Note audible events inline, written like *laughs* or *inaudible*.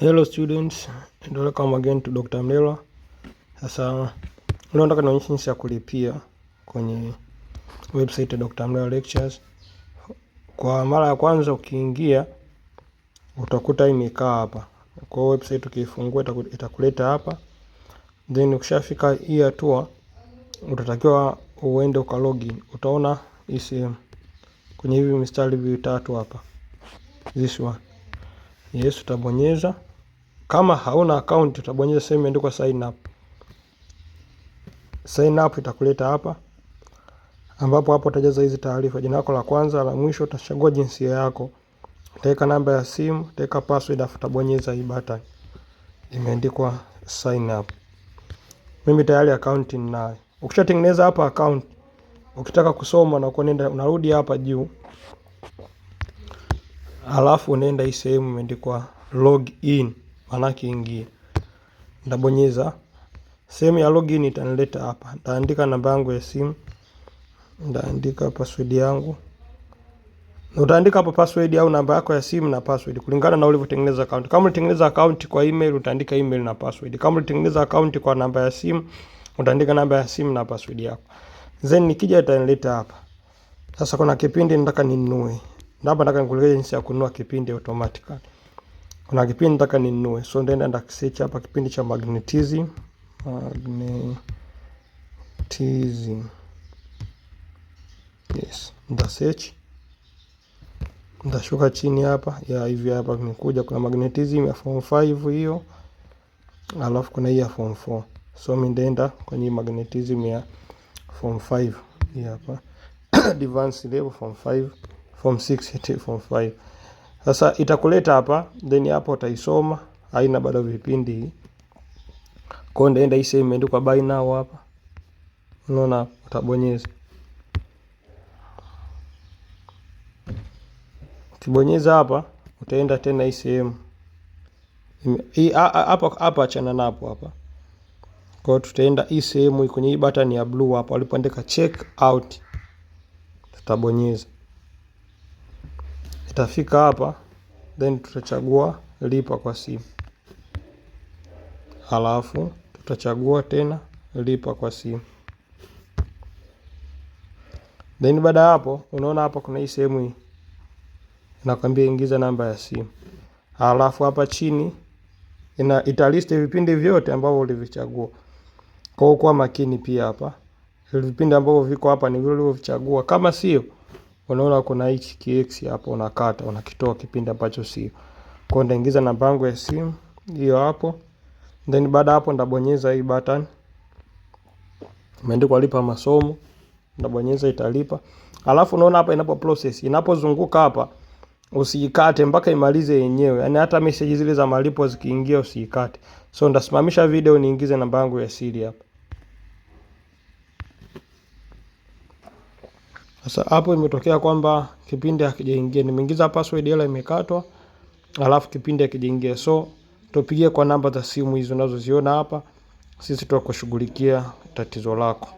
Hello students and welcome again to Dr. Mlelwa. Sasa leo nataka nionyeshe jinsi ya kulipia kwenye website ya Dr. Mlelwa Lectures. Kwa mara ya kwanza ukiingia utakuta imekaa hapa. Kwa hiyo website ukiifungua itakuleta hapa. Then ukishafika hii hatua utatakiwa uende uka login. Utaona ICM um, kwenye hivi mistari vitatu hapa. This one. Yes, utabonyeza kama hauna account utabonyeza sehemu imeandikwa sign up. Sign up itakuleta hapa ambapo hapo utajaza hizi taarifa, jina lako la kwanza, la mwisho, utachagua jinsia yako, utaweka namba ya simu, utaweka password afu utabonyeza hii button imeandikwa sign up. Mimi tayari account ninayo. Ukishatengeneza hapa account, ukitaka kusoma na kuenda unarudi hapa juu, alafu unaenda hii sehemu imeandikwa log in manake ingie. Nitabonyeza sehemu ya login, itanileta hapa. Nitaandika namba yangu ya simu, nitaandika password yangu. Utaandika hapo password au namba yako ya simu na password kulingana na ulivyotengeneza account. Kama ulitengeneza account kwa email, utaandika email na password. Kama ulitengeneza account kwa namba ya simu, utaandika namba ya simu na password yako. Then nikija itanileta hapa. Sasa kuna kipindi nataka ninunue. Hapa nataka nikuelekeze jinsi ya kununua kipindi automatically kuna kipindi nataka ninunue, so nitaenda under search hapa kipindi cha magnetizi magnetizi, yes, nda search ndashuka chini hapa ya hivi hapa vimekuja, kuna magnetizi ya form 5 hiyo, alafu kuna hii ya form 4. So mimi ndaenda kwenye magnetizi ya form 5 hii hapa *coughs* advanced level form 5 form 6 hadi *laughs* form 5 sasa itakuleta hapa, then hapo utaisoma, haina bado vipindi Kwa hiyo ndaenda hii sehemu imeandikwa buy now hapa. Unaona utabonyeza. Ukibonyeza hapa utaenda tena hii sehemu. Hii hapa hapa achana napo hapa. Kwa hiyo tutaenda hii sehemu kwenye hii button ya blue hapa walipoandika check out. Tutabonyeza. Itafika hapa then tutachagua lipa kwa simu, halafu tutachagua tena lipa kwa simu. Then baada ya hapo, unaona hapa kuna hii sehemu hii inakwambia ingiza namba ya simu, halafu hapa chini ina italiste vipindi vyote ambavyo ulivichagua. Kwa hiyo kuwa makini pia hapa, vipindi ambavyo viko hapa ni vile ulivyovichagua, kama sio unaona kuna hichi kix hapo, unakata unakitoa kipindi ambacho sio. Kwa ndaingiza namba yangu ya simu hiyo hapo, then baada hapo ndabonyeza hii button imeandikwa lipa masomo, ndabonyeza italipa. Alafu unaona hapa inapo process, inapozunguka hapa usiikate mpaka imalize yenyewe, yani hata message zile za malipo zikiingia usiikate. So ndasimamisha video niingize namba yangu ya siri hapa. Sasa hapo imetokea kwamba kipindi hakijaingia, nimeingiza password hela imekatwa, alafu kipindi hakijaingia. So tupigie kwa namba za simu hizo unazoziona hapa, sisi tutakushughulikia tatizo lako.